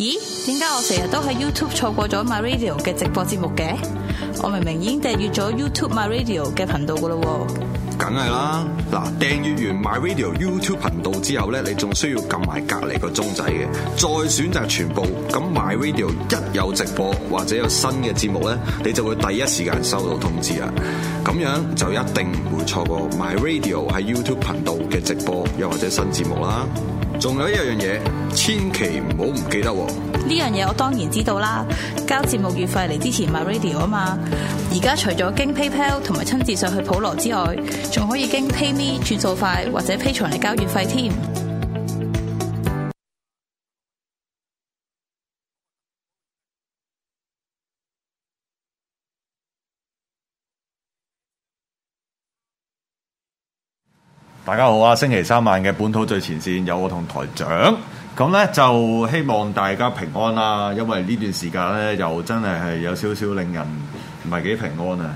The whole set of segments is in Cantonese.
咦？點解我成日都喺 YouTube 錯過咗 My Radio 嘅直播節目嘅？我明明已經訂閱咗 YouTube My Radio 嘅頻道㗎喇喎。梗係啦，嗱訂閱完 My Radio YouTube 頻道之後咧，你仲需要撳埋隔離個鐘仔嘅，再選擇全部。咁 My Radio 一有直播或者有新嘅節目咧，你就會第一時間收到通知啦。咁樣就一定唔會錯過 My Radio 喺 YouTube 頻道嘅直播，又或者新節目啦。仲有一樣嘢，千祈唔好唔記得喎！呢樣嘢我當然知道啦，交節目月費嚟之前買 MyRadio 啊嘛！而家除咗經 PayPal 同埋親自上去普羅之外，仲可以經 PayMe 轉數快或者 Patreon 嚟交月費添。大家好啊！星期三晚嘅本土最前線有我同台長，咁呢，就希望大家平安啦。因為呢段時間呢，又真係係有少少令人唔係幾平安啊、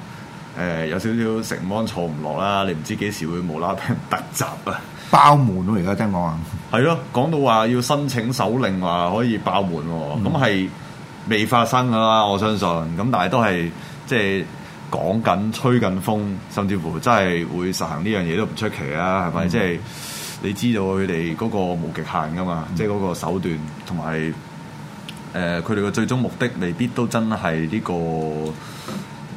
呃。有少少食唔安坐唔落啦。你唔知幾時會無啦啦突襲啊？爆門咯！而家聽講啊，係咯，講 到話要申請手令，話可以爆門、啊，咁係、嗯、未發生噶啦。我相信，咁但係都係即係。講緊吹緊風，甚至乎真係會實行呢樣嘢都唔出奇啊，係咪？Mm hmm. 即係你知道佢哋嗰個無極限噶嘛？Mm hmm. 即係嗰個手段同埋誒，佢哋嘅最終目的未必都真係呢、呢個誒、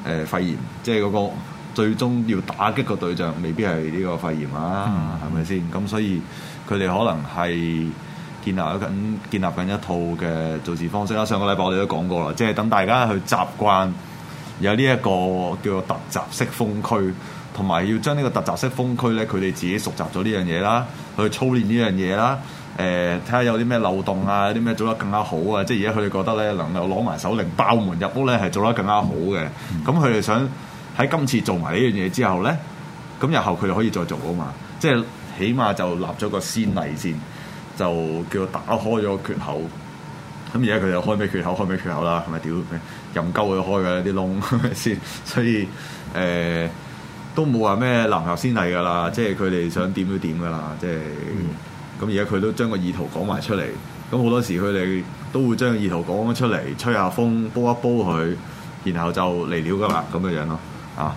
呃、肺炎，即係嗰個最終要打擊嘅對象未必係呢個肺炎啊，係咪先？咁、hmm. 所以佢哋可能係建立緊建立緊一套嘅做事方式啦。上個禮拜我哋都講過啦，即係等大家去習慣。有呢一個叫做突襲式封區，同埋要將呢個突襲式封區咧，佢哋自己熟習咗呢樣嘢啦，去操練呢樣嘢啦。誒、呃，睇下有啲咩漏洞啊，有啲咩做得更加好啊！即係而家佢哋覺得咧，能夠攞埋手令爆門入屋咧，係做得更加好嘅。咁佢哋想喺今次做埋呢樣嘢之後咧，咁日後佢哋可以再做啊嘛。即係起碼就立咗個先例先，就叫打開咗缺口。咁而家佢哋開咩缺口？開咩缺口啦？係咪屌？咩任鳩佢開嘅啲窿係咪先， 所以誒、呃、都冇話咩籃球先嚟㗎啦，即係佢哋想點都點㗎啦，即係咁而家佢都將個意圖講埋出嚟，咁好、嗯、多時佢哋都會將個意圖講咗出嚟，吹下風，煲一煲佢，然後就嚟料㗎啦，咁嘅樣咯，啊，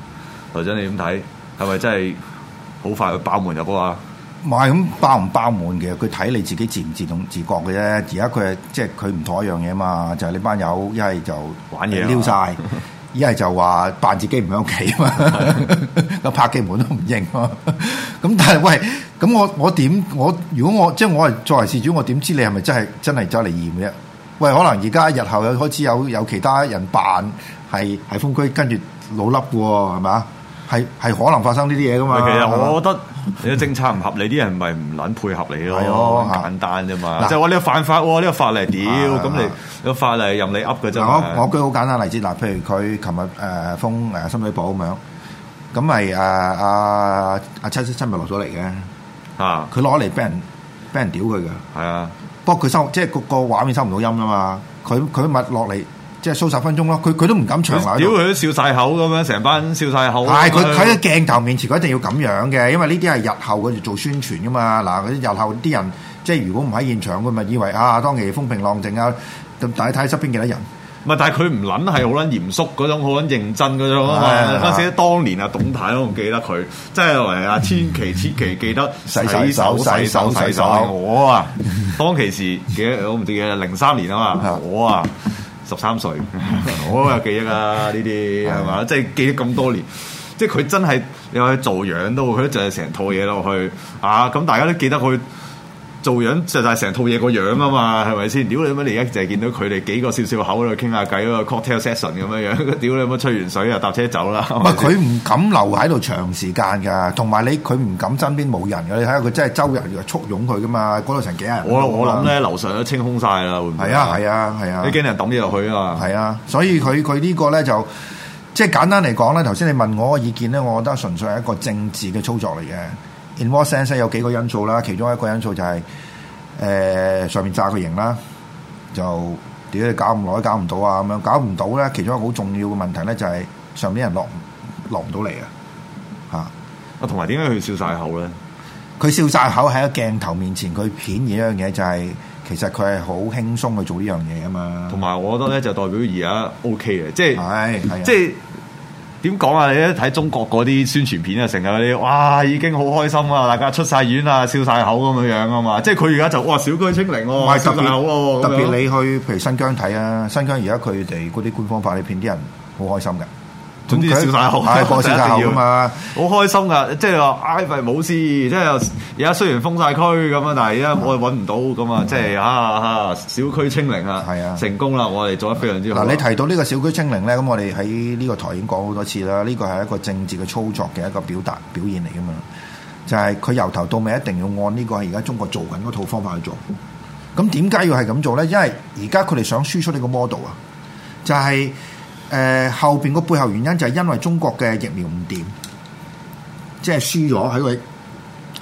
道長你咁睇？係咪真係好快佢爆門入波啊？唔係咁包唔包滿嘅，佢睇你自己自唔自動自覺嘅啫。而家佢係即係佢唔妥一樣嘢啊嘛，就係、是、你班友一係就玩嘢撩晒，一係就話扮自己唔喺屋企嘛，個 拍機門都唔認。咁 但係喂，咁我我點我如果我即係我係作為事主，我點知你係咪真係真係走嚟驗嘅啫？喂，可能而家日後有開始有有其他人扮係係封區跟住老笠喎，係嘛？係係可能發生呢啲嘢噶嘛？其實我覺得你個政策唔合理，啲人咪唔撚配合你咯，咁簡單啫嘛。就係話你犯法喎，呢個法例屌，咁你個法例任你噏嘅啫。我我舉好簡單例子嗱，譬如佢琴日誒封誒深水埗咁樣，咁咪阿阿阿七七七咪落咗嚟嘅，啊，佢攞嚟俾人俾人屌佢嘅，係啊。不過佢收即係個個畫面收唔到音啊嘛，佢佢咪落嚟。即係數十分鐘咯，佢佢都唔敢長留，屌佢他都笑晒口咁樣，成班人笑晒口。係佢喺個鏡頭面前，佢一定要咁樣嘅，因為呢啲係日後佢做宣傳噶嘛。嗱，嗰啲日後啲人即係如果唔喺現場，佢咪以為啊，當其時風平浪靜啊。咁但睇側邊幾多人？唔係，但係佢唔撚係好撚嚴肅嗰種，好撚認真嗰種啊，嗰時當年啊，董太我唔記得佢，即係為啊千祈千祈記得洗手洗手 洗手。我啊，當其時幾我唔記得，零三年啊嘛， 我啊。我 十三歲，好 有記憶啊！呢啲係嘛，即係記憶咁多年，即係佢真係你去做樣都，佢就係成套嘢落去啊！咁大家都記得佢。做樣著曬成套嘢個樣啊嘛，係咪先？屌你乜！你而家淨係見到佢哋幾個笑笑口喺度傾下偈嗰個，cocktail session 咁樣樣，屌你乜吹完水又搭車走啦！佢唔敢留喺度長時間㗎，同埋你佢唔敢身邊冇人㗎。你睇下佢真係周日又簇擁佢㗎嘛，嗰度成幾廿人我。我呢我諗咧樓上都清空晒啦，會唔會？係啊係啊係啊！你驚人抌嘢落去啊！係啊，啊，所以佢佢呢個咧就即係簡單嚟講咧，頭先你問我嘅意見咧，我覺得純粹係一個政治嘅操作嚟嘅。In what sense？有幾個因素啦，其中一個因素就係、是、誒、呃、上面炸個型啦，就點解你搞唔耐，搞唔到啊咁樣，搞唔到咧。其中一個好重要嘅問題咧、就是，就係上面人落落唔到嚟啊！嚇，同埋點解佢笑晒口咧？佢笑晒口喺個鏡頭面前，佢顯現一樣嘢、就是，就係其實佢係好輕鬆去做呢樣嘢啊嘛。同埋我覺得咧，就是、代表而家 OK 嘅，即係，即係。點講啊？你一睇中國嗰啲宣傳片啊，成日嗰啲哇已經好開心啊，大家出晒院啊，笑晒口咁樣樣啊嘛！即係佢而家就哇小區清零哦，係特別好哦。樣特別你去譬如新疆睇啊，新疆而家佢哋嗰啲官方法片啲人好開心嘅。總之笑曬口，啊、一定要嘛！好、啊、開心噶，即係話，哎費冇事，即係而家雖然封晒區咁 啊，但係而家我哋揾唔到咁啊，即係啊哈！小區清零啊，係啊，成功啦！我哋做得非常之好。嗱、啊，你提到呢個小區清零咧，咁我哋喺呢個台已經講好多次啦。呢個係一個政治嘅操作嘅一個表達表現嚟噶嘛，就係佢由頭到尾一定要按呢、呢個而家中國做緊嗰套方法去做。咁點解要係咁做咧？因為而家佢哋想輸出呢個 model 啊，就係、係。誒、呃、後邊個背後原因就係因為中國嘅疫苗唔掂，即係輸咗喺佢。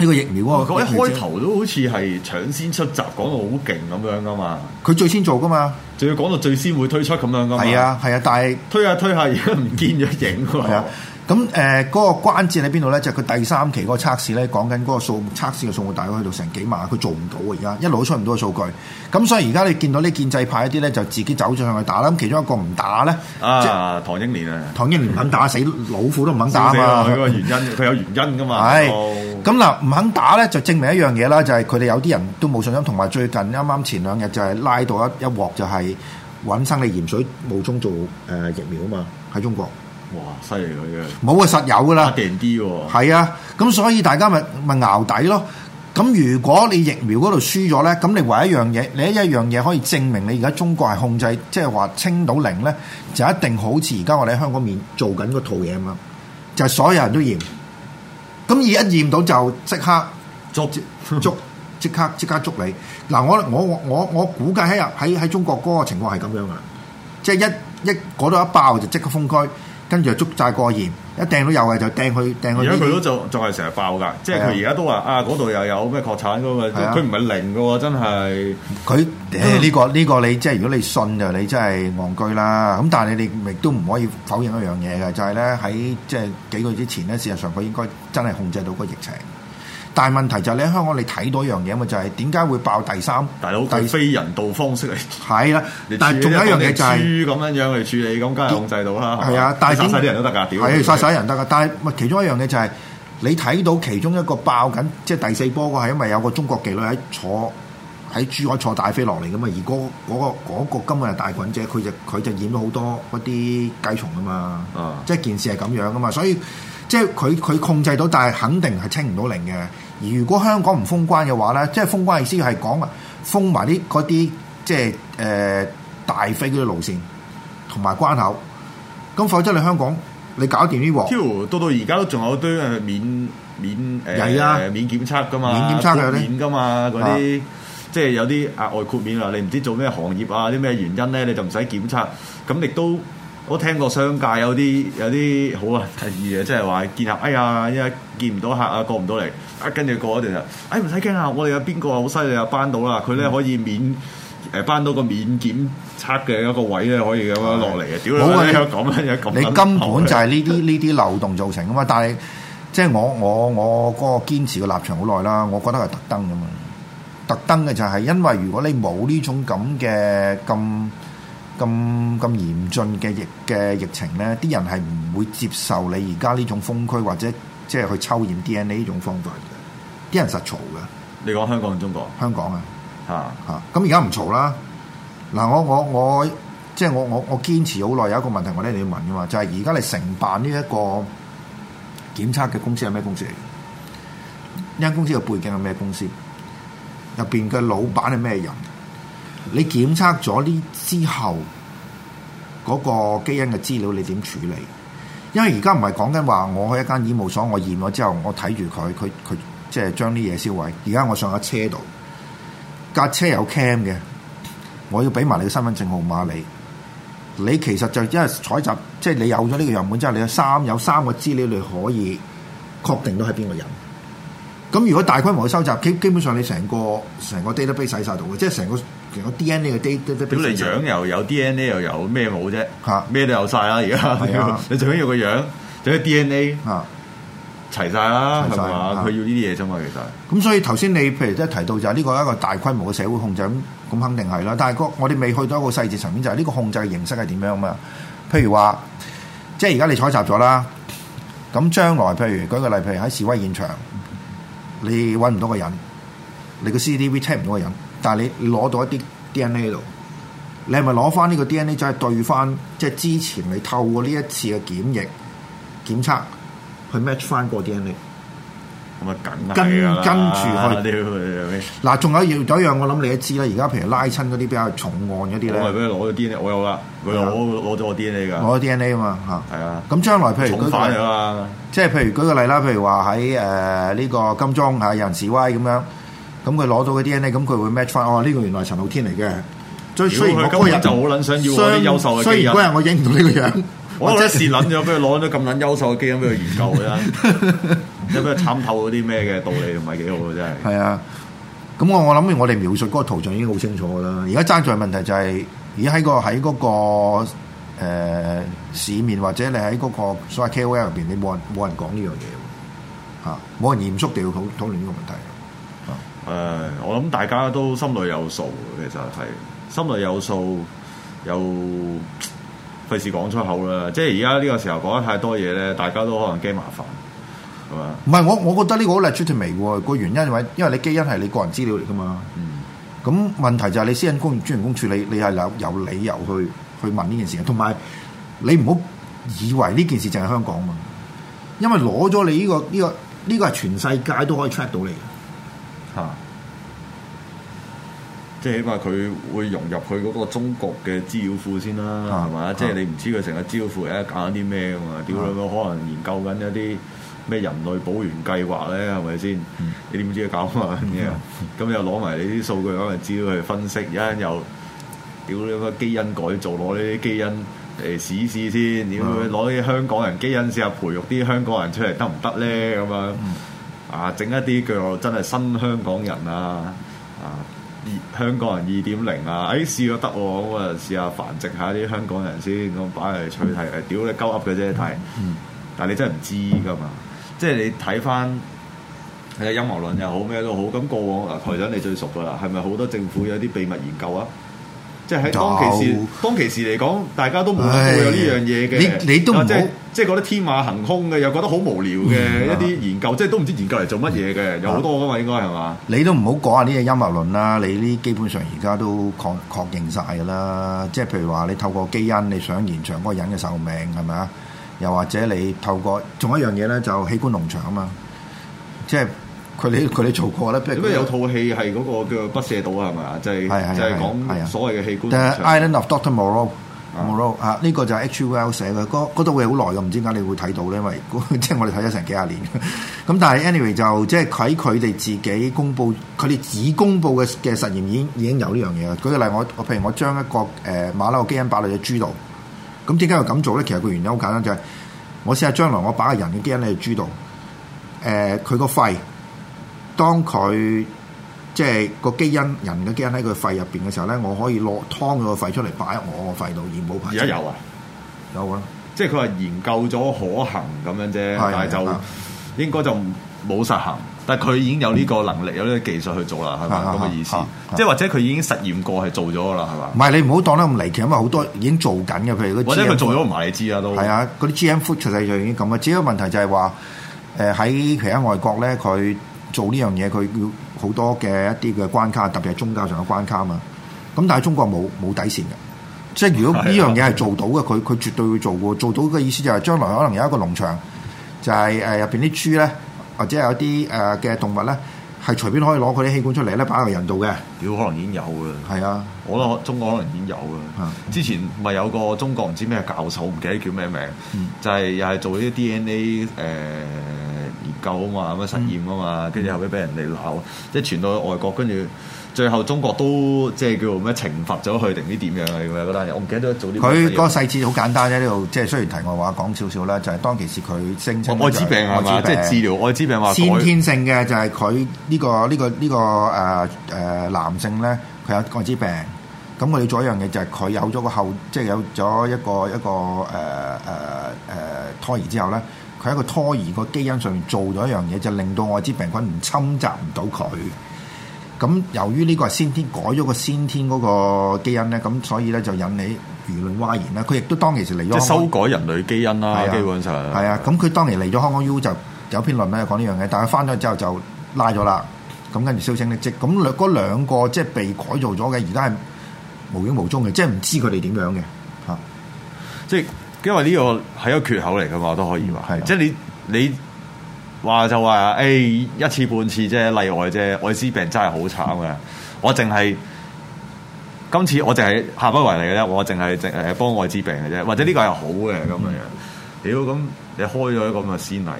呢、這個這個疫苗啊！佢一開頭都好似係搶先出閘，講到好勁咁樣噶嘛，佢最先做噶嘛，仲要講到最先會推出咁樣噶嘛，係啊係啊，但係推下推下而家唔見咗影喎。咁誒嗰個關節喺邊度咧？就係、是、佢第三期嗰個測試咧，講緊嗰個數目測試嘅數目大概去到成幾萬，佢做唔到而家一攞出唔到數據。咁所以而家你見到啲建制派一啲咧，就自己走咗上去打啦。咁其中一個唔打咧，啊，即唐英年啊，唐英年唔肯打死老虎都唔肯打啊嘛。佢個原因，佢有原因噶嘛。係是。咁嗱的，唔肯打咧，就證明一樣嘢啦，就係佢哋有啲人都冇信心。同埋最近啱啱前兩日就係、是、拉到一一鑊就係揾生理鹽水冒充做誒、呃、疫苗啊嘛，喺中國。哇！犀利佢嘅冇啊，實有噶啦，定啲喎。係啊，咁所以大家咪咪淆底咯。咁如果你疫苗嗰度輸咗咧，咁你唯一樣嘢，你一樣嘢可以證明你而家中國係控制，即係話清到零咧，就一定好似而家我哋喺香港面做緊個套嘢咁樣，就係、是、所有人都驗。咁而一驗到就即刻捉即 刻即刻捉你嗱、啊。我我我我，我估計喺喺喺中國嗰個情況係咁樣啊，即係樣一一嗰度一爆就即刻封區。跟住就捉債過嚴，一掟到油位就掟去掟去啲。如果佢都就仲係成日爆㗎，即係佢而家都話啊，嗰度又有咩確診㗎嘛？佢唔係零㗎喎，真係。佢誒呢個呢個你即係如果你信就你真係戇居啦。咁但係你哋亦都唔可以否認一樣嘢嘅，就係咧喺即係幾個月之前咧，事實上佢應該真係控制到個疫情。但問題就係你喺香港，你睇到一樣嘢嘛，就係點解會爆第三？大佬，第非人道方式嚟。係啦，但係仲有一樣嘢就係豬咁樣樣去處理，咁梗係控制到啦。係啊，但係點？殺曬啲人都得㗎，屌！係殺曬人得㗎，但係其中一樣嘢就係你睇到其中一個爆緊，即係第四波個係因為有個中國妓女喺坐喺珠海坐大飛落嚟㗎嘛。而嗰、那、嗰個今日係大滾者，佢就佢就染咗好多嗰啲雞蟲㗎嘛。嗯、即係件事係咁樣㗎嘛，所以。即係佢佢控制到，但係肯定係清唔到零嘅。而如果香港唔封關嘅話咧，即係封關意思係講封埋啲嗰啲即係誒、呃、大飛嗰啲路線同埋關口。咁否則你香港你搞掂啲喎。屌，到到而家都仲有堆免免誒、呃啊、免檢測㗎嘛？免檢測㗎咧？免㗎嘛？啲、啊、即係有啲額外豁免啊！你唔知做咩行業啊？啲咩原因咧？你就唔使檢測。咁亦都。我聽過商界有啲有啲好啊，提議啊即係話建立，哎呀，依家見唔到客啊，過唔到嚟啊，跟住過一段就，哎唔使驚啊，我哋有邊個好犀利啊，扳到啦，佢咧可以免誒扳、嗯、到個免檢測嘅一個位咧，可以咁樣落嚟啊，的屌你老母咁樣嘢，咁你根本就係呢啲呢啲漏洞造成啊嘛，但係即係我我我嗰個堅持嘅立場好耐啦，我覺得係特登嘅嘛，特登嘅就係因為如果你冇呢種咁嘅咁。咁咁嚴峻嘅疫嘅疫情咧，啲人係唔會接受你而家呢種封區或者即係去抽驗 DNA 呢種方法嘅，啲人實嘈嘅。你講香港定中國？香港啊，吓吓、啊，咁而家唔嘈啦。嗱，我我我即係我我我堅持好耐，有一個問題我咧你要問噶嘛，就係而家你承辦呢一個檢測嘅公司係咩公司嚟嘅？呢間公司嘅背景係咩公司？入邊嘅老闆係咩人？你檢測咗呢之後嗰個基因嘅資料，你點處理？因為而家唔係講緊話，我去一間醫務所，我驗咗之後，我睇住佢，佢佢即係將啲嘢銷毀。而家我上咗車度，架車有 cam 嘅，我要俾埋你嘅身份證號碼你。你其實就一係採集，即係你有咗呢個樣本之後，你有三有三個資料，你可以確定到係邊個人。咁如果大規模去收集，基基本上你成個成個 database 洗晒到嘅，即係成個。其實 DNA 嘅啲表樣又有 DNA 又有咩冇啫？吓咩都有晒啦！而家你最緊要個樣，最緊 DNA 啊，齊晒啦，係嘛？佢要呢啲嘢啫嘛，其實。咁所以頭先你譬如一提到就係呢個一個大規模嘅社會控制咁，肯定係啦。但係，那個，我哋未去到一個細節層面，就係、是、呢個控制嘅形式係點樣啊嘛？譬如話，即係而家你採集咗啦，咁將來譬如舉個例，譬如喺示威現場，你搵唔到個人，你個 CCTV 聽唔到個人。但係你攞到一啲 DNA 度，你係咪攞翻呢個 DNA 就係對翻，即係之前你透過呢一次嘅檢疫檢測去 match 翻個 DNA？咁啊緊啦，跟跟住去嗱，仲有要有一樣，我諗你都知啦。而家譬如拉親嗰啲比較重案嗰啲咧，我係俾佢攞咗 DNA，我有啦，佢攞攞咗我 DNA 㗎，攞咗 DNA 啊嘛嚇，係啊的。咁將來譬如重犯啊嘛，即係譬如舉個例啦，譬如話喺誒呢個金鐘啊有人示威咁樣。咁佢攞到啲 DNA，咁佢會 match 翻哦。呢個原來係陳浩天嚟嘅。最雖然嗰個人就好撚想要我啲優秀嘅基因，雖然嗰日我影唔到呢個樣，我覺得是撚咗俾佢攞咗咁撚優秀嘅基因俾佢研究啦。有俾佢參透嗰啲咩嘅道理？唔係幾好嘅真係。係啊，咁我我諗住我哋描述嗰個圖像已經好清楚㗎啦。而家爭在問題就係、是，而家喺個喺嗰、嗰個、呃、市面，或者你喺嗰、嗰個所謂 KOL 入邊，你冇人冇人講呢樣嘢，嚇、啊、冇人嚴肅地去討討論呢個問題。誒、呃，我諗大家都心裏有數，其實係心裏有數，又費事講出口啦。即係而家呢個時候講得太多嘢咧，大家都可能驚麻煩，係嘛？唔係我，我覺得呢個好 legitimate 嘅個原因係，因為你基因係你個人資料嚟㗎嘛。咁、嗯、問題就係你私隱專員公署處理，你係有，有理由去去問呢件事，同埋你唔好以為呢件事淨係香港嘛，因為攞咗你呢、呢個呢、呢個呢、呢個係全世界都可以 check 到你。啊、即係起碼佢會融入佢嗰個中國嘅資料庫先啦，係、啊啊、嘛？即係你唔知佢成日資料庫而家搞緊啲咩噶嘛？屌你個可能研究緊一啲咩人類保原計劃咧，係咪先？嗯、你點知佢搞緊嘢？咁、嗯、 又攞埋你啲數據可能資料去分析，而家又屌你個基因改造攞啲基因誒試試先？點會攞啲香港人基因試下培育啲香港人出嚟得唔得咧？咁樣？嗯啊！整一啲據真係新香港人啊！啊，香港人二點零啊！誒，試咗得喎，咁啊試下繁殖下啲香港人先，咁擺嚟取替誒，屌你鳩噏嘅啫，睇，但係你真係唔知㗎嘛？即係你睇翻，睇音樂論又好咩都好，咁過往嗱台長你最熟㗎啦，係咪好多政府有啲秘密研究啊？即係當其時，就當其時嚟講，大家都冇會有呢樣嘢嘅。你你都唔好即係即覺得天馬行空嘅，又覺得好無聊嘅、嗯、一啲研究，即係都唔知研究嚟做乜嘢嘅，嗯、有好多噶嘛，應該係嘛？你都唔好講下呢嘢陰謀論啦！你呢基本上而家都確確認晒噶啦。即係譬如話，你透過基因，你想延長嗰個人嘅壽命係咪啊？又或者你透過仲有一樣嘢咧，就器官農場啊嘛，即係。佢哋佢哋做過咧，譬如有套戲係嗰個叫不射島 au, 啊，係咪啊？就係就係講啊，所謂嘅器官。The Island of Doctor Moreau，Moreau 啊，呢個就係 Hul 寫嘅，嗰嗰會好耐嘅，唔知點解你會睇到咧，因為即係我哋睇咗成幾廿年。咁但係 anyway 就即係喺佢哋自己公布，佢哋只公布嘅嘅實驗已經已經有呢樣嘢。舉個例我，我我譬如我將一個誒馬騮嘅基因擺落隻豬度，咁點解要咁做咧？其實個原因好簡單，就係、是、我試下將來我把人嘅基因喺豬度，誒佢個肺。當佢即係個基因，人嘅基因喺佢肺入邊嘅時候咧，我可以攞劏佢個肺出嚟擺喺我個肺度而冇排。而家有啊，有啊，即係佢話研究咗可行咁樣啫，但係就應該就冇實行。但係佢已經有呢個能力，有呢個技術去做啦，係咪咁嘅意思？即係或者佢已經實驗過係做咗噶啦，係嘛？唔係你唔好當得咁離奇，因為好多已經做緊嘅，譬如嗰。或者佢做咗唔係你知啊都。係啊，嗰啲 GM food 實際上已經咁啊，只係問題就係話誒喺其他外國咧佢。做呢樣嘢，佢要好多嘅一啲嘅關卡，特別係宗教上嘅關卡啊嘛。咁但係中國冇冇底線嘅，即係如果呢樣嘢係做到嘅，佢佢絕對會做嘅。做到嘅意思就係、是、將來可能有一個農場，就係誒入邊啲豬咧，或者有啲誒嘅動物咧，係隨便可以攞佢啲器官出嚟咧，擺喺度人度喺個人度嘅。屌，可能已經有㗎，係是啊，我覺得中國可能已經有㗎。之前咪有個中國唔知咩教授，唔記得叫咩名，嗯、就係又係做啲 DNA 誒、呃。夠啊、嗯、嘛，咁樣實驗啊嘛，跟住後尾俾人哋鬧，即係傳到去外國，跟住最後中國都即係叫咩懲罰咗佢定唔知點樣啊嗰單嘢，我唔記得咗啲。佢嗰個細節好簡單啫，呢度即係雖然題外話講少少啦，就係、是、當其時佢生出咗愛滋病係嘛，嗯、即係治療愛滋病話先天性嘅，就係佢呢個呢、這個呢、這個誒誒、呃呃、男性咧，佢有愛滋病，咁我哋做一樣嘢就係佢有咗個後，即、就、係、是、有咗一個一個誒誒誒胎兒之後咧。佢喺個胎兒個基因上面做咗一樣嘢，就令到愛滋病菌唔侵襲唔到佢。咁由於呢個係先天改咗個先天嗰個基因咧，咁所以咧就引起輿論嘩然啦。佢亦都當其時嚟咗，即修改人類基因啦、啊，基本上係啊。咁佢、啊、當其時嚟咗香港 U 就有篇論咧講呢樣嘢，但係返咗之後就拉咗啦。咁跟住銷聲匿跡。咁嗰兩個即係被改造咗嘅，而家係無影無蹤嘅，即係唔知佢哋點樣嘅嚇。啊、即係。因為呢個係一個缺口嚟嘅嘛，都可以話係。 即係你你話就話，誒、哎、一次半次啫，例外啫。艾滋病真係好慘嘅。我淨係今次我淨係下不為例嘅啫，我淨係淨係幫艾滋病嘅啫。或者呢個係好嘅咁嘅樣。屌咁你開咗一個咁嘅先例，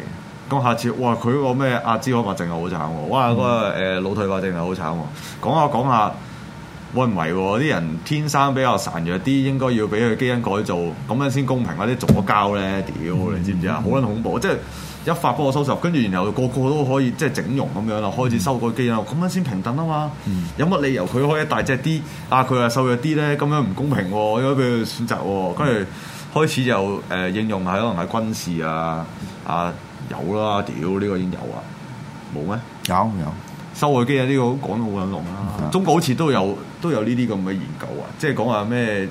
咁下次哇佢嗰個咩阿茲海默症又好慘喎，哇嗰、那個老腦退化症又好慘喎，講下講下。氛圍喎，啲、哦哦、人天生比較孱弱啲，應該要俾佢基因改造咁樣先公平。嗰啲左膠咧，屌你知唔知啊？好撚恐怖！嗯嗯、即係一發波收拾，跟住然後個個都可以即係整容咁樣啦，開始修改基因，咁樣先平等啊嘛。嗯、有乜理由佢可以大隻啲？啊，佢又瘦弱啲咧？咁樣唔公平喎、呃，應該俾佢選擇喎。跟住開始就誒應用係可能係軍事啊啊有啦，屌呢、呢個已經有啊，冇咩？有有修改基因呢個講得好響動啊！的中國好似都有、嗯。嗯都有呢啲咁嘅研究啊，即係講話咩？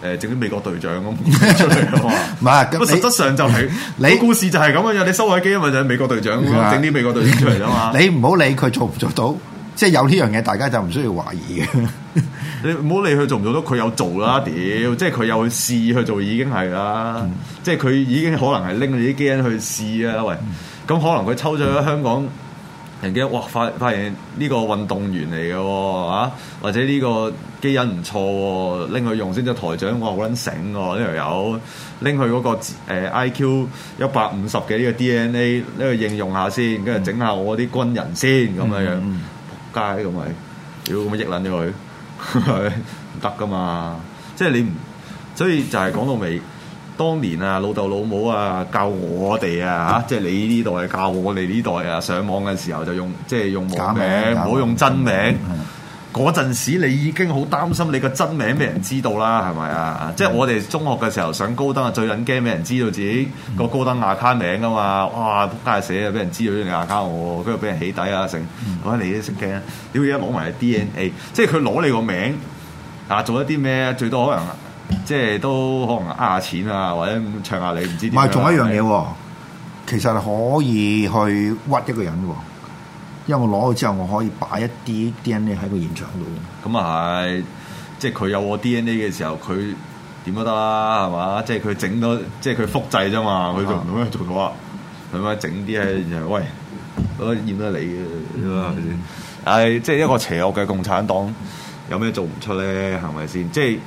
誒整啲美國隊長咁出嚟啊嘛，唔係，不過實質上就係個故事就係咁嘅啫。你收位機啊嘛，就美國隊長，整啲美國隊長出嚟啊嘛。 你唔好理佢做唔做到，即係有呢樣嘢，大家就唔需要懷疑嘅。你唔好理佢做唔做到，佢有做啦，屌！ 即係佢有去試去做已經係啦，嗯、即係佢已經可能係拎你啲基因去試啊，喂、嗯！咁、嗯、可能佢抽咗香港。人驚，哇！發發現呢個運動員嚟嘅喎，或者呢個基因唔錯，拎佢用先得，台長，哇好撚醒喎。呢條友拎佢嗰個 I Q 一百五十嘅呢個 D N A，呢個應用下先，跟住整下我啲軍人先咁樣、嗯、樣，撲街咁咪屌咁益撚咗佢，唔得噶嘛！即係你唔，所以就係講到尾。當年啊，老豆老母啊，教我哋啊，嚇，即係你呢代教我哋呢代啊，上網嘅時候就用即係用網名，唔好用真名。嗰陣名時你已經好擔心你個真名俾人知道啦，係咪啊？即係我哋中學嘅時候上高登啊，最緊驚俾人知道自己個高登 account 名啊嘛！哇，撲街寫啊，俾人知道啲 account 我，跟住俾人起底啊，成。我話 你都識驚，屌嘢攞埋 DNA，即係佢攞你個名啊，做一啲咩？最多可能。即係都可能呃下錢啊，或者唱下你，唔知點樣。唔係，仲有一樣嘢喎，是其實可以去屈一個人喎，因為我攞咗之後，我可以擺一啲 DNA 喺個現場度咁啊係，即係佢有我 DNA 嘅時候，佢點都得啦，係嘛？即係佢整咗，即係佢複製啫嘛，佢做唔到咩？做唔到啊？係咪整啲係？就 喂，我驗到你嘅，係、嗯嗯嗯、即係一個邪惡嘅共產黨，有咩做唔出咧？係咪先？即係。即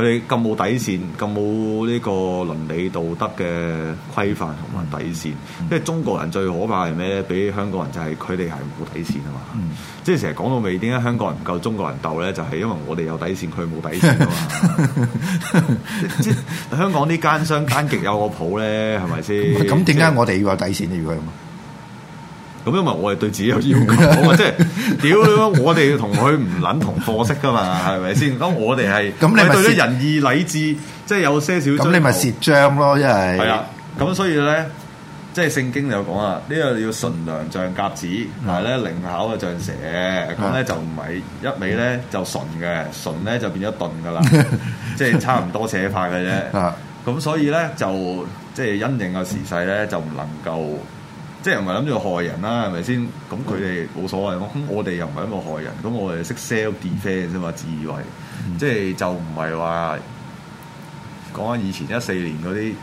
佢哋咁冇底線，咁冇呢個倫理道德嘅規範同埋底線。因為中國人最可怕係咩咧？畀香港人就係佢哋係冇底線啊嘛。嗯、即係成日講到尾，點解香港人唔夠中國人鬥咧？就係、是、因為我哋有底線，佢冇底線啊嘛 即。香港啲奸商奸極有個譜咧，係咪先？咁點解我哋要有底線咧？如果咁？咁因為我哋對自己有要求，即係屌你，我哋同佢唔撚同貨色噶嘛，係咪先？咁我哋係咁，你對啲仁義禮智，即係有些少。咁你咪蝕章咯，一係係啦。咁所以咧，即係聖經有講啊，呢個要純良像鴿子，同埋咧靈巧嘅像蛇。咁咧就唔係一味咧就純嘅，純咧就變咗鈍噶啦，即係差唔多寫法嘅啫。咁所以咧就即係因應個時勢咧，就唔能夠。即係唔係諗住害人啦，係咪先？咁佢哋冇所謂咯。咁我哋又唔係一個害人，咁我哋識 self defence 啫嘛，自衞。即係就唔係話講翻以前一四年嗰啲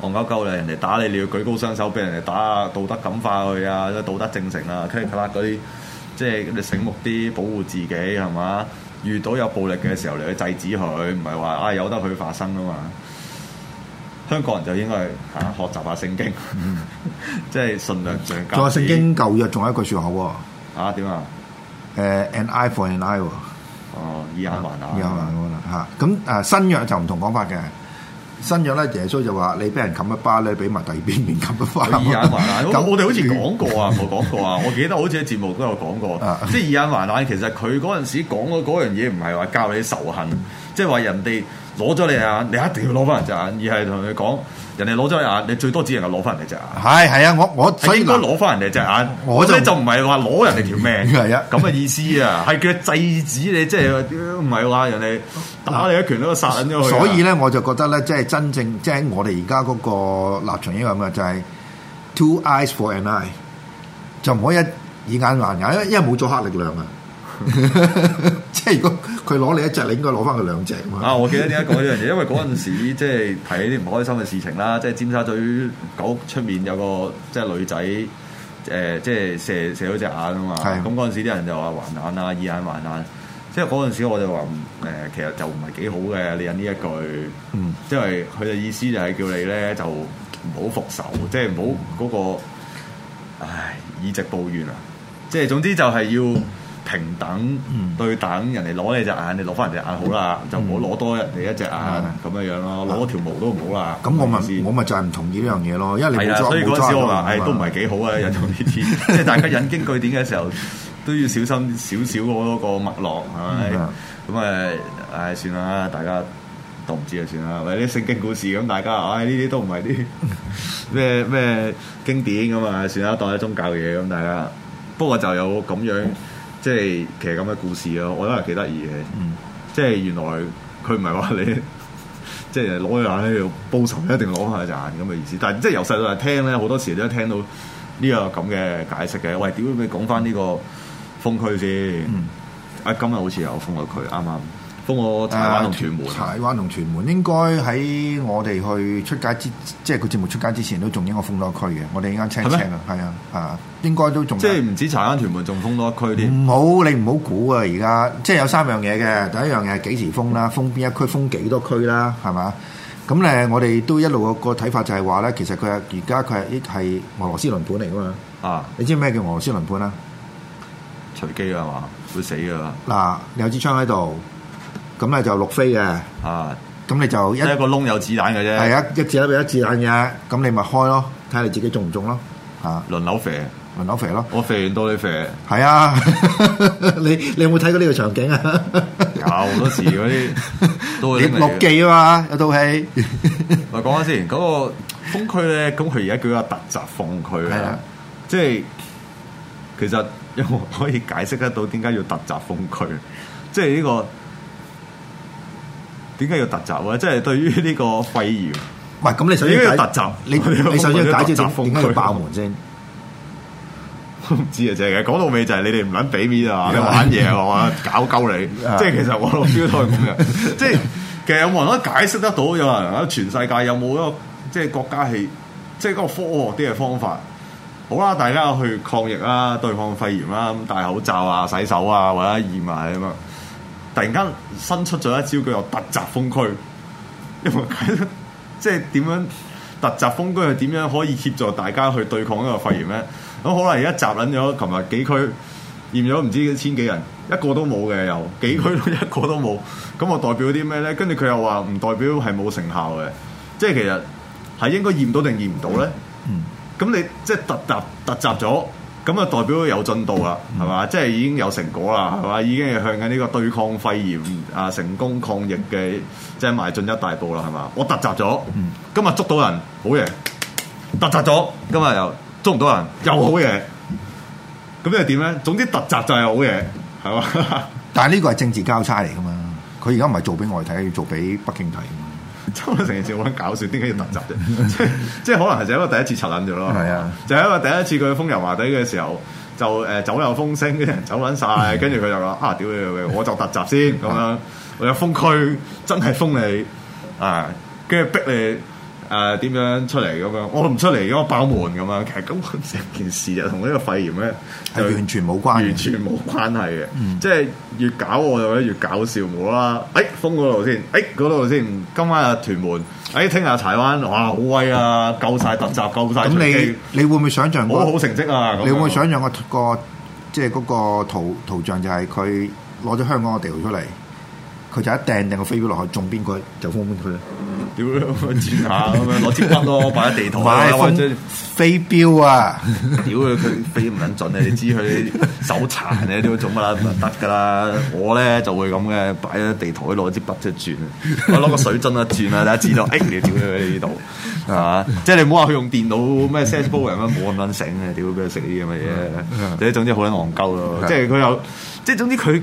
戇鳩鳩啦，人哋打你，你要舉高雙手俾人哋打啊！道德感化佢啊，道德正成啊，聽下嗰啲即係你醒目啲保護自己係嘛？遇到有暴力嘅時候，你去制止佢，唔係話啊由得佢發生啊嘛。香港人就應該吓學習下聖經，即係盡略上教。仲有聖經舊約仲有一句說話喎，啊，點啊？誒，an eye for an eye 哦，以眼還眼。以眼還眼吓，咁誒新約就唔同講法嘅。新約咧，耶穌就話你俾人冚一巴咧，俾埋第二邊面冚一巴。」以眼還眼。咁我哋好似講過啊，冇講過啊，我記得好似喺節目都有講過。即係以眼還眼，其實佢嗰陣時講嗰樣嘢唔係話教你仇恨，即係話人哋。攞咗你隻眼，你一定要攞翻人隻眼，而係同你講，人哋攞咗你眼，你最多只能係攞翻人哋隻眼。係係啊，我我所以應該攞翻人哋隻眼，我就唔係話攞人哋條命，啊、嗯，咁嘅意思啊，係佢 制止你，即係唔係話人哋打你一拳都殺緊咗佢。所以咧，我就覺得咧，即係真正即係我哋而家嗰個立場一樣嘅、就是，就係 two eyes for an eye，就唔可以以眼還眼，眼，眼，因為冇咗黑力量啊。 即係如果佢攞你一隻，你應該攞翻佢兩隻。啊，我記得點解講呢樣嘢， 因為嗰陣時即係提起啲唔開心嘅事情啦，即係尖沙咀狗屋出面有個即係女仔誒、呃，即係射射咗隻眼啊嘛。咁嗰陣時啲人就話還眼啊，以眼還眼。即係嗰陣時我就話誒、呃，其實就唔係幾好嘅你引呢一句，嗯、因為佢嘅意思就係叫你咧就唔好復仇，即係唔好嗰個唉以直報怨啊，即係總之就係要。平等對等，人哋攞你隻眼，你攞翻人哋眼好啦，就唔好攞多人哋一隻眼咁樣樣咯，攞條毛都唔好啦。咁、嗯嗯、我問我咪就係唔同意呢樣嘢咯，因為你係啊，所以嗰時我話，係、哎、都唔係幾好啊，引導呢啲，即係大家引經據典嘅時候都要小心少少嗰個脈絡，係咪？咁誒、啊，唉，算啦，大家都唔知就算啦，喂啲聖經故事咁，大家唉呢啲都唔係啲咩咩經典咁啊，算啦，當係宗教嘢咁，大家。不過就有咁樣。即係其實咁嘅故事咯，我都係幾得意嘅。嗯、即係原來佢唔係話你，即係攞去眼喺度報仇，一定攞翻隻眼咁嘅意思。但係即係由細到大聽咧，好多時都聽到呢、呢個咁嘅解釋嘅。喂，點解你講翻呢個封區先？啊、嗯，今日好似有封咗佢，啱啱。嗯、剛剛封我柴灣同屯，屯門，柴灣同屯門應該喺我哋去出街之，即係個節目出街之前都仲應該封多區嘅。我哋啱青清啊，係啊嗎，啊，應該都仲即係唔止柴灣屯門，仲封多區添。唔好你唔好估啊！而家即係有三樣嘢嘅。第一樣嘢係幾時封啦？封邊一區，封幾多區啦？係嘛？咁咧，我哋都一路個睇法就係話咧，其實佢係而家佢係係俄羅斯輪盤嚟噶嘛？啊，啊，你知咩叫俄羅斯輪盤啊？隨機係嘛，會死噶啦。嗱，有支槍喺度。咁咧就落飛嘅，啊！咁你就一一個窿有子彈嘅啫，係啊，一子粒入一子彈嘅，咁你咪開咯，睇下你自己中唔中咯，啊！輪流飛，輪流飛咯，我飛完都你飛，係啊！你你有冇睇過呢個場景啊？ 有好多時嗰啲，都會你六記啊嘛，有套戲。 我講下先，嗰、嗰個封區咧，咁佢而家叫個突襲封區啊，即係其實有可以解釋得到點解要突襲封區，即係呢、呢個。點解要突襲啊？即係對於呢個肺炎，唔係咁你首先要，要突襲，你你首要解知點點解爆門先？我唔知啊，即係講到尾就係你哋唔捻俾面啊， 你玩嘢係嘛， 我搞鳩你。 即係其實我老表都係咁嘅。 即係其實有冇人可以解解釋得到？有人喺全世界有冇一個即係國家係即係嗰個科學啲嘅方法？好啦，大家去抗疫啦，對抗肺炎啦，戴口罩啊，洗手啊，或者掩埋啊嘛。突然間新出咗一招，叫做「突襲封區」，因為 即係點樣突襲封區係點樣可以協助大家去對抗個呢個肺炎咧？咁好啦，而家集撚咗，琴日幾區驗咗唔知幾千幾人，一個都冇嘅，又幾區都一個都冇，咁就代表啲咩咧？跟住佢又話唔代表係冇成效嘅，即係其實係應該驗到定驗唔到咧？咁你即係突，突，突襲突襲咗。咁啊，就代表有進度啦，係嘛？即係已經有成果啦，係嘛？已經係向緊呢個對抗肺炎啊，成功抗疫嘅即係邁進一大步啦，係嘛？我突襲咗，今日捉到人，好嘢！突襲咗，今日又捉唔到人，又好嘢！咁又係點咧？總之突襲就係好嘢，係嘛？ 但係呢個係政治交叉嚟噶嘛？佢而家唔係做俾外睇，要做俾北京睇。周到成件事好撚搞笑，點解要突襲啫？ 即係即係可能係因為第一次炒捻咗咯，係啊，就係因為第一次佢封油麻地嘅時候，就誒、呃、走漏風聲，啲人走捻晒，跟住佢就話啊，屌你，我就突襲先，咁 樣 我有封區，真係封你啊，跟住逼你。誒點、呃、樣出嚟咁樣？我唔出嚟，我爆門咁樣。其實咁成件事就同呢個肺炎咧係完全冇關，完全冇關係嘅。嗯、即係越搞我就覺得越搞笑我啦。誒封嗰度先，誒嗰度先。今晚啊屯門，誒聽日柴灣，哇好威啊！夠晒，特集，夠晒！咁你你會唔會想象？好、嗰個、好成績啊！你會唔會想象、嗰個即係嗰個圖,圖像就係佢攞咗香港嘅地圖出嚟，佢就一掟掟個飛鏢落去，中邊個就封邊個。屌，轉下咁樣攞支筆咯，擺喺地圖。海風 飛鏢啊！屌佢，佢飛唔捻準啊！你知佢手殘嘅，屌做乜啦？得噶啦！我咧就會咁嘅，擺喺地圖，攞支筆出係轉啊，攞個水樽啊，轉啊，大家知道，哎，屌佢呢度，係嘛？即係 你唔好話佢用電腦咩 s a s b o l 咁樣冇咁捻醒嘅，屌佢食啲咁嘅嘢，即係總之好捻戇鳩咯。即係佢有，即係總之佢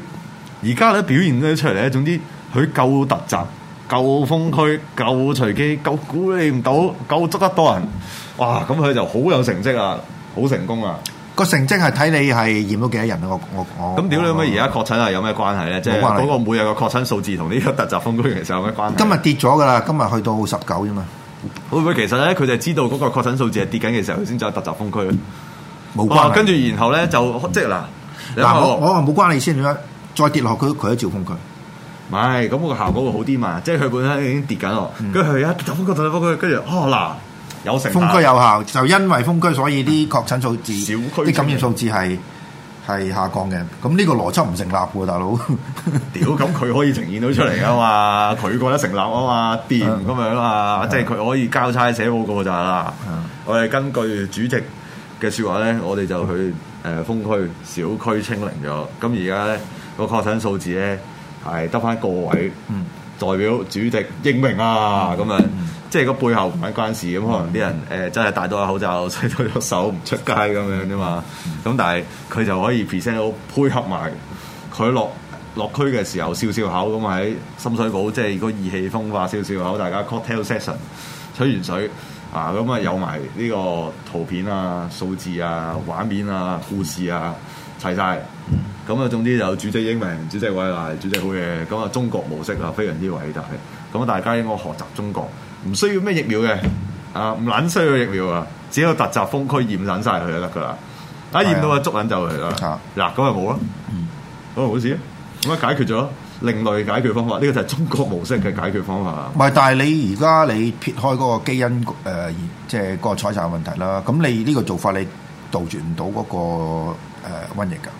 而家咧表現咧出嚟咧，總之佢夠突襲。舊封區、舊隨機、舊估你唔到、舊捉得多人，哇！咁佢就好有成績啊，好成功啊。個成績係睇你係驗咗幾多人啊！我我我咁屌你媽！而家確診係有咩關係咧？關即係嗰個每日嘅確診數字同呢個突襲封區其實有咩關係？今日跌咗噶啦，今日去到十九啫嘛。會唔會其實咧佢就知道嗰個確診數字係跌緊嘅時候，先走突襲封區冇關。跟住、啊、然後咧就、嗯嗯、即係嗱嗱我我話冇關你先啦，再下跌落去佢都照封區。唔係，咁個效果會好啲嘛？即係佢本身已經跌緊咯，跟住佢一就封區，就封區，跟住哦，嗱，有成效，封區有效，就因為封區，所以啲確診數字、小區啲感染數字係係下降嘅。咁呢個邏輯唔成立喎，大佬。屌，咁佢可以呈現到出嚟啊嘛？佢覺得成立啊嘛？掂咁樣啊？即係佢可以交差寫報告就係啦。我哋根據主席嘅説話咧，我哋就去誒封區小區清零咗。咁而家咧個確診數字咧。係得翻個位代表主席英明啊！咁啊，即係個背後唔係關事咁，嗯、可能啲人誒真係戴多個口罩，洗咗個手，唔出街咁樣啫嘛。咁、嗯、但係佢就可以 present 配合埋，佢落落區嘅時候笑笑口，咁喺深水埗即係個意氣風發笑笑口，大家 cocktail session 吹完水啊，咁啊有埋呢個圖片啊、數字啊、畫面啊、故事啊。齊晒，咁、嗯、啊！總之有主席英明，主席偉大，主席好嘅。咁、嗯、啊，中國模式啊，非常之偉大咁啊，大家應該學習中國，唔需要咩疫苗嘅啊，唔撚需要疫苗啊，只要突襲封區驗撚晒佢就得噶啦。啊，驗到啊，捉撚、嗯、就嚟啦。嗱、嗯，咁啊冇咯，好唔好事啊？咁啊解決咗另類解決方法，呢、這個就係中國模式嘅解決方法。唔係，但係你而家你撇開嗰個基因誒，即、呃、係、就是、個採查問題啦。咁你呢個做法，你杜絕唔到嗰、那個。誒，瘟疫噶，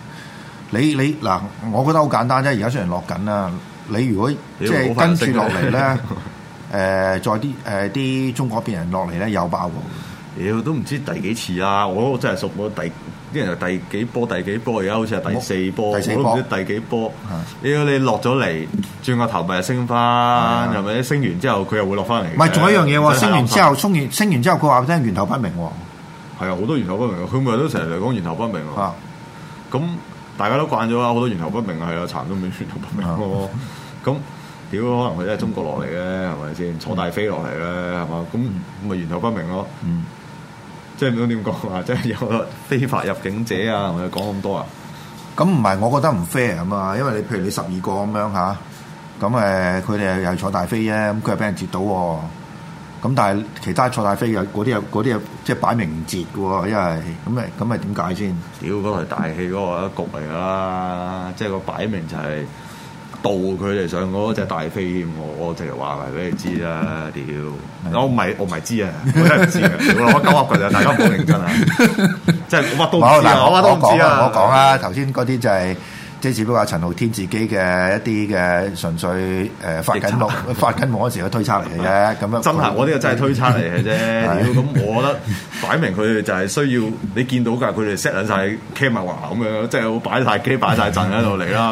你你嗱，我覺得好簡單啫。而家雖然落緊啦，你如果即係跟住落嚟咧，誒，再啲誒啲中國嗰邊人落嚟咧又爆，屌都唔知第幾次啦。我真係熟過第啲人第幾波第幾波，而家好似係第四波，我都唔知第幾波。屌你落咗嚟，轉個頭咪升翻，又咪啲升完之後佢又會落翻嚟。唔係仲有一樣嘢喎，升完之後沖完升完之後佢話聽源頭不明，係啊，好多源頭不明，佢咪都成日嚟講源頭不明啊。咁大家都慣咗啦，好多源頭不明，係啊，查唔到源頭不明喎。咁屌，可能佢喺中國落嚟嘅，係咪先坐大飛落嚟嘅，係嘛，咁咪源頭不明咯。嗯、即係唔知點講啊，嗯、即係有個非法入境者啊，同你講咁多啊。咁唔係我覺得唔 fair 啊嘛，因為你譬如你十二個咁樣吓，咁誒佢哋又係坐大飛啫，咁佢係俾人截到喎。咁但係其他蔡大飛又嗰啲又啲又即係擺明唔接喎，因為咁咪咁咪點解先？屌嗰台大戲嗰個一局嚟㗎啦，即係個擺明就係導佢哋上嗰隻大飛我，我直頭話埋俾你知啦，屌！的我唔係我唔係知啊，我真係唔 知啊。我科學局就大家唔認真啊，即係我乜都唔知啊。我乜都唔知啊，我講啊，頭先嗰啲就係。即係只不過陳浩天自己嘅一啲嘅純粹誒發緊夢、發緊夢嗰差時嘅推測嚟嘅，啫、啊。咁樣。真係我呢個真係推測嚟嘅啫。咁 我覺得擺明佢哋就係需要你見到㗎，佢哋 set 緊 camera 畫咁樣，即係擺晒機、擺晒陣喺度嚟啦。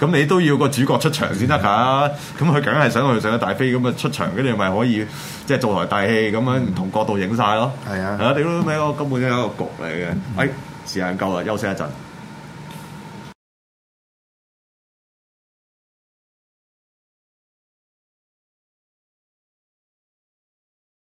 咁咁你都要個主角出場先得㗎。咁佢梗係想去上個大飛咁啊出場，跟住咪可以即係做台大戲咁樣唔同角度影晒咯。係啊，係啊，你都咪一根本都係一個局嚟嘅。哎，時間夠啦，休息一陣。